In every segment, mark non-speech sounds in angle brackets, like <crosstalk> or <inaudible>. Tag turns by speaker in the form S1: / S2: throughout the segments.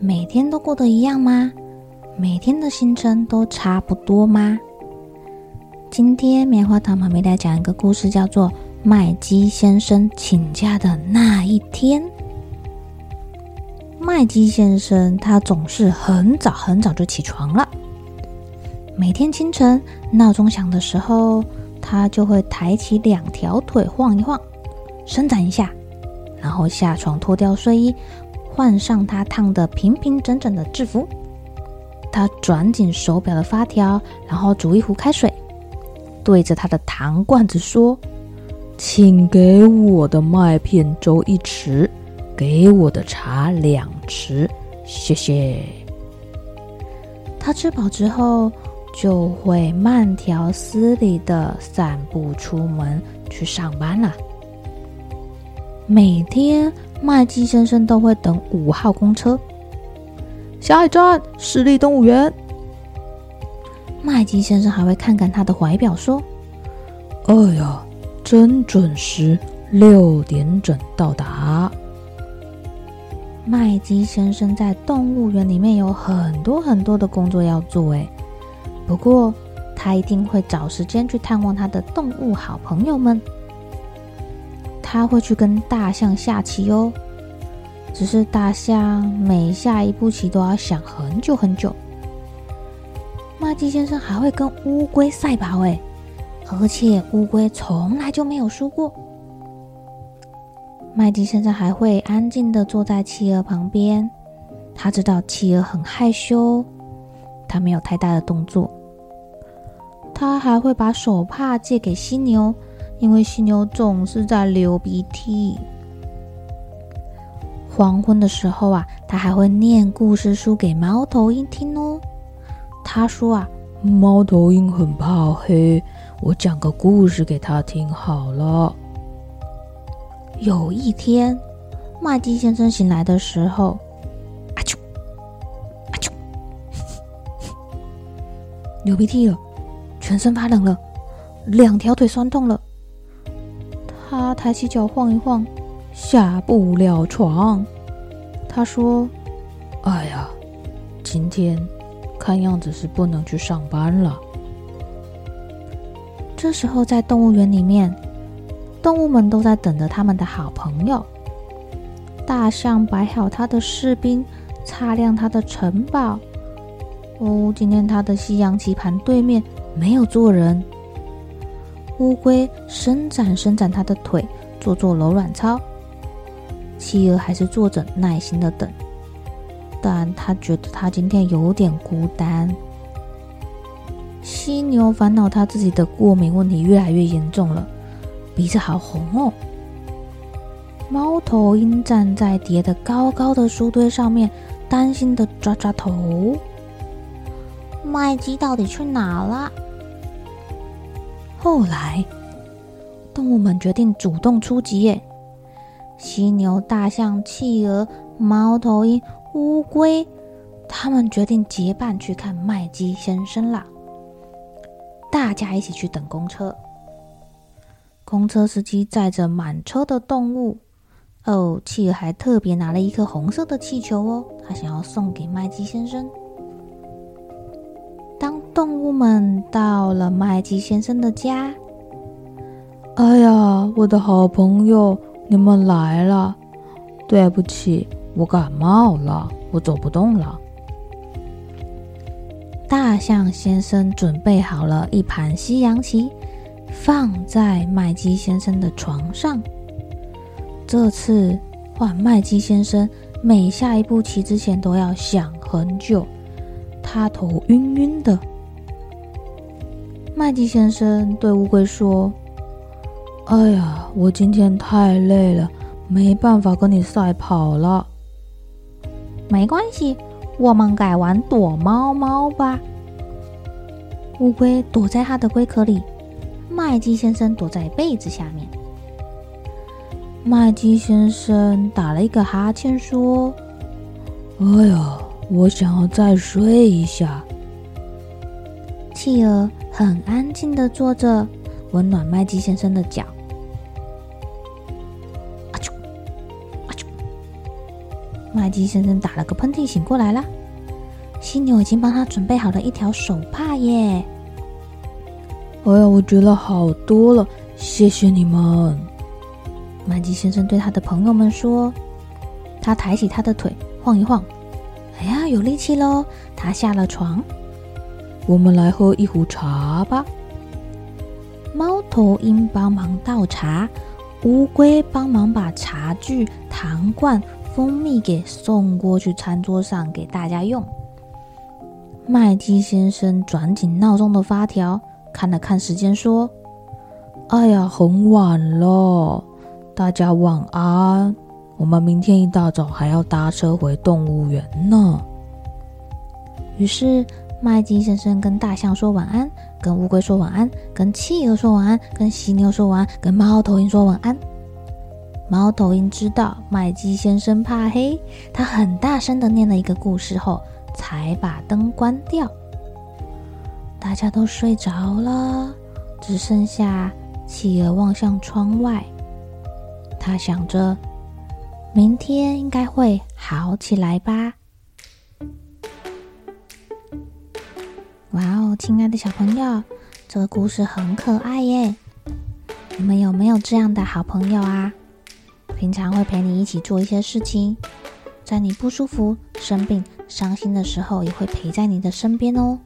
S1: 每天都過得一樣嗎？每天的行程都差不多嗎？今天棉花糖媽咪給大家講一個故事，叫做《麥基先生請假的那一天》。麥基先生他總是很早很早就起床了。每天清晨鬧鐘響的時候，他就會抬起兩條腿晃一晃，伸展一下，然後下床脫掉睡衣。換上他燙得平平整整的制服，他轉緊手表的發條，然後煮一壺開水，對着他的糖罐子說：“請給我的麥片粥一匙，給我的茶兩匙，謝謝。”他吃飽之後，就會慢條斯理地散步出門去上班了。每天。麥基先生都會等五號公車，下一站，市立動物園。麥基先生還會看看他的懷錶，說：“哎呀，真準時，六點整到達。”麥基先生在動物園裡面有很多很多的工作要做，哎，不過他一定會找時間去探望他的動物好朋友們。他會去跟大象下棋哦，只是大象每下一步棋都要想很久很久。麥基先生還會跟烏龜賽跑哎，而且烏龜從來就沒有輸過。麥基先生還會安靜的坐在企鵝旁邊，他知道企鵝很害羞，他沒有太大的動作。他還會把手帕借給犀牛。因為犀牛總是在流鼻涕。黃昏的時候啊，他還會念故事書給貓頭鷹聽哦。他說啊，貓頭鷹很怕黑，我講個故事給他聽好了。有一天，麥基先生醒來的時候，阿啾阿啾。啊、啾 <laughs> 流鼻涕了，全身發冷了，兩條腿酸痛了。他抬起腳晃一晃，下不了床。他說：“哎呀，今天看樣子是不能去上班了。”這時候，在動物園裡面，動物們都在等着他們的好朋友。大象擺好他的士兵，擦亮他的城堡。哦，今天他的西洋棋盤對面沒有坐人。烏龜伸展伸展它的腿，做做柔軟操。企鵝還是坐着，耐心的等。但他覺得他今天有點孤單。犀牛煩惱他自己的過敏問題越來越嚴重了，鼻子好紅哦。貓頭鷹站在疊得高高的書堆上面，擔心的抓抓頭。麥基到底去哪了？後來，動物們決定主動出擊。耶，犀牛、大象、企鵝、貓頭鷹、烏龜，他們決定結伴去看麥基先生啦。大家一起去等公車。公車司機載着滿車的動物。哦，企鵝還特別拿了一顆紅色的氣球哦，他想要送給麥基先生。動物們到了麥基先生的家。哎呀，我的好朋友，你們來了！對不起，我感冒了，我走不動了。大象先生準備好了一盤西洋棋，放在麥基先生的床上。這次換麥基先生，每下一步棋之前都要想很久。他頭暈暈的。麥基先生對烏龜說：“哎呀，我今天太累了，沒辦法跟你賽跑了。沒關係，我們改玩躲貓貓吧。”烏龜躲在它的龜殼裡，麥基先生躲在被子下面。麥基先生打了一個哈欠，說：“哎呀，我想要再睡一下。”企鵝，很安靜地坐着，溫暖麥基先生的腳。阿啾，阿啾，麥基先生打了個噴嚏，醒過來了。犀牛已經幫他準備好了一條手帕耶。哎呀，我覺得好多了，謝謝你們。麥基先生對他的朋友們說：“他抬起他的腿，晃一晃。哎呀，有力氣嘍！他下了床。”我們來喝一壺茶吧。貓頭鷹幫忙倒茶，烏龜幫忙把茶具、糖罐、蜂蜜給送過去餐桌上給大家用。麥基先生轉緊鬧鐘的發條，看了看時間，說：“哎呀，很晚了，大家晚安。我們明天一大早還要搭車回動物園呢。”於是。麥基先生跟大象說晚安，跟烏龜說晚安，跟企鵝說晚安，跟犀牛說晚安，跟貓頭鷹說晚安。貓頭鷹知道麥基先生怕黑，他很大聲地念了一個故事後，才把燈關掉。大家都睡着了，只剩下企鵝望向窗外。他想着，明天應該會好起來吧。哇哦，親愛的小朋友，這個故事很可愛耶！你們有沒有這樣的好朋友啊？平常會陪你一起做一些事情，在你不舒服、生病、傷心的時候，也會陪在你的身邊哦。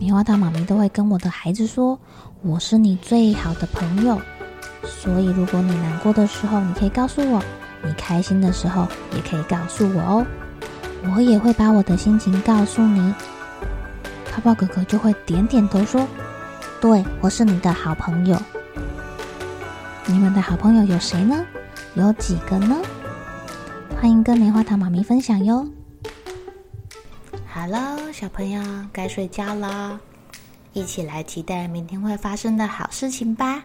S1: 棉花糖媽咪都會跟我的孩子說：“我是你最好的朋友。”所以，如果你難過的時候，你可以告訴我；你開心的時候，也可以告訴我哦。我也會把我的心情告訴你。泡泡哥哥就會點點頭說：“對，我是你的好朋友。你們的好朋友有誰呢？有幾個呢？歡迎跟棉花糖媽咪分享喲。”好嘍，小朋友該睡覺啦，一起來期待明天會發生的好事情吧。